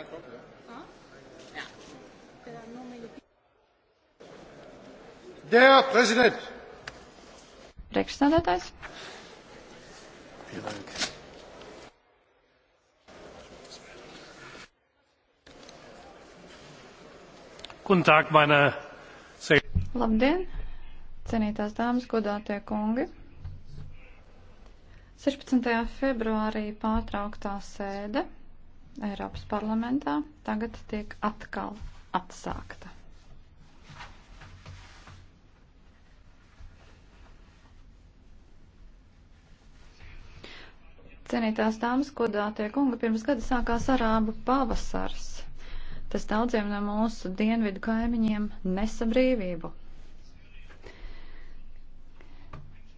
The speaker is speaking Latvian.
Fai proprio? ¿eh? Ah? Ja. There are no many Der Präsident! Priekšstādātājs. Vielen Dank. Guten Tag, meine sehr Labdien, cienītās dāmas, godātie kungi. 16. februārī pārtrauktā sēde. Eiropas parlamentā tagad tiek atkal atsākta. Cienītās dāmas, godātie kungi, pirms gada sākās arābu pavasars. Tas daudziem no mūsu dienvidu kaimiņiem nesa brīvību,